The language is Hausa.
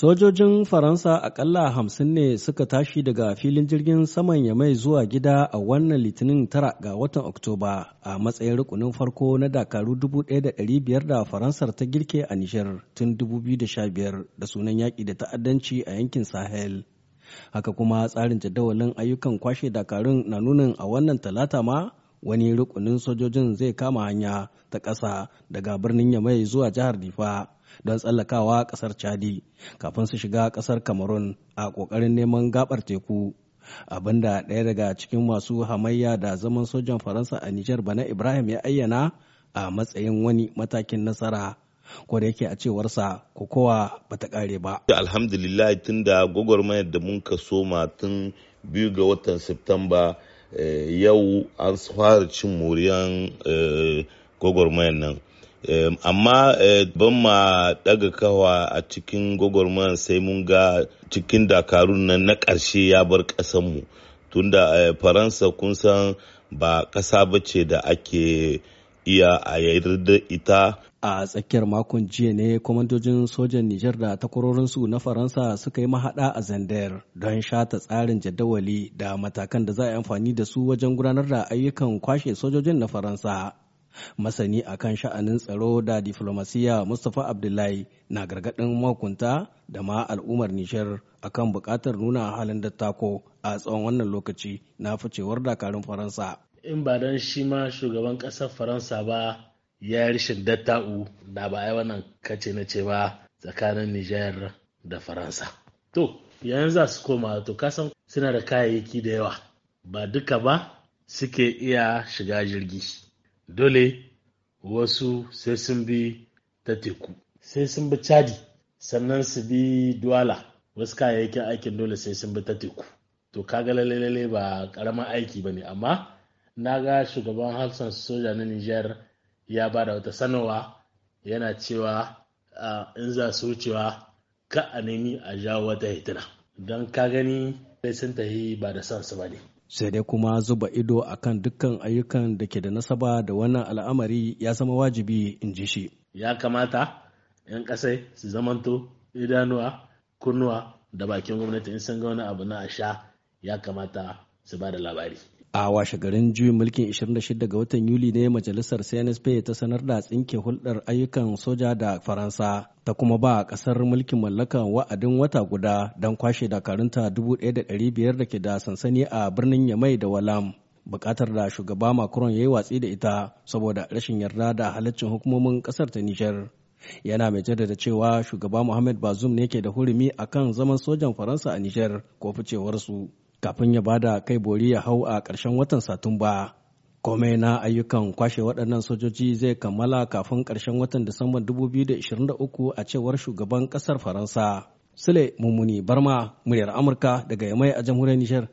Sojojin Faransa akalla hamsin ne suka tashi daga filin jirgin saman Yamai zuwa gida a wannan litinin tara ga watan Oktoba a matsayin rukunin farko na dakaru 1,500 da Faransar ta girke a Nijar tun 2015 da sunan yaƙi da ta'addanci a yankin Sahel. Haka kuma tsarin jadawalin ayyukan kwashe dakarun na nunin a wannan talata ma wani rukunin sojojin zai kama hanya ta ƙasa daga birnin Yamai zuwa jihar Difa don tsallakawa ƙasar Chadi kafin su shiga ƙasar Cameroon a ƙoƙarin neman gabar teku. Abinda ɗaya daga cikin masu hamayya da zaman sojan Faransa a Nijar Bana Ibrahim ya ayyana a matsayin wani matakin nasara. ko da yake a cewarsa kokowa ba ta kare ba. Alhamdulillah tun da gwagwarmayar da mun ka soma tun biyu ga watan september. Eh, yau an fara cin moriyan eh, gwagwarmayan nan amma eh, ban ma daga kawa a cikin gwagwarmayan sai mun ga cikin dakarun nan na ƙarshe ya bar ƙasanmu tunda faransa kun san ba ƙasa bace da ake iya a yarda ita a tsakiyar makon jiya ne kwamandojin sojan Nijar da takwarorinsu na Faransa suka yi mahaɗa a Zandayar don shata tsarin jadawali da matakan da za a yi amfani da su wajen gudanar da ayyukan kwashe sojojin na Faransa. Masani a kan sha'anin tsaro da diflomasiya Mustapha Abdullahi na gargaɗin makunta da ma al'ummar Nijar akan buƙatar nuna halin da tako a tsawon wannan lokaci na ficewar dakarun Faransa. in ba don shi ma shugaban ƙasar faransa ba ya rishin datta'u da ba ai wannan kace na ce ba tsakanin nijar da faransa to yayin za su koma to kasan suna da kayayyaki da yawa ba duka ba suke iya shiga jirgi dole wasu sai sun bi ta teku sai sun bi cadi sannan su bi duwala wasu kayayyakin aikin dole sai sun bi ta teku to kaga lalle ba karamin aiki ba ne amma na ga shugaban harsun soja na Nijar ya ba da wata sanowa yana cewa in za su wucewa ka a nemi a jawo wata hitina don ka gani sai sun tafi ba da sansu ba ne sai dai kuma zuba ido a kan dukkan ayyukan da ke da nasaba da wannan al'amari ya zama wajibi in ji shi ya kamata 'yan kasai su zamanto idanuwa kunnuwa da bakin gwamnati in sun ga wani abu na a sha ya kamata su ba da labari a washe garin juyin mulkin 26 ga watan yuli ne majalisar cnsp ta sanar da tsinke hulɗar ayyukan soja da faransa ta kuma ba ƙasar mulkin mallakan wa'adin wata guda don kwashe dakarunta 1,500 da ke da sansani a birnin yamai da walam bukatar da shugaba macron ya yi watsi da ita saboda rashin yarda da halaccin hukumomin ƙasar ta nijar yana mai jaddada cewa shugaba muhammad Bazoum ne ke da hurumi akan zaman sojan faransa a nijar ko ficewarsu kafin ya ba da kai bori ya hau a ƙarshen watan Satumba. Komai na ayyukan kwashe waɗannan sojoji zai kammala kafin ƙarshen watan Disamban 2023 a cewar shugaban ƙasar Faransa. Sule Mummuni Barma, muryar Amurka daga Yamai a jamhuriyar Nijar.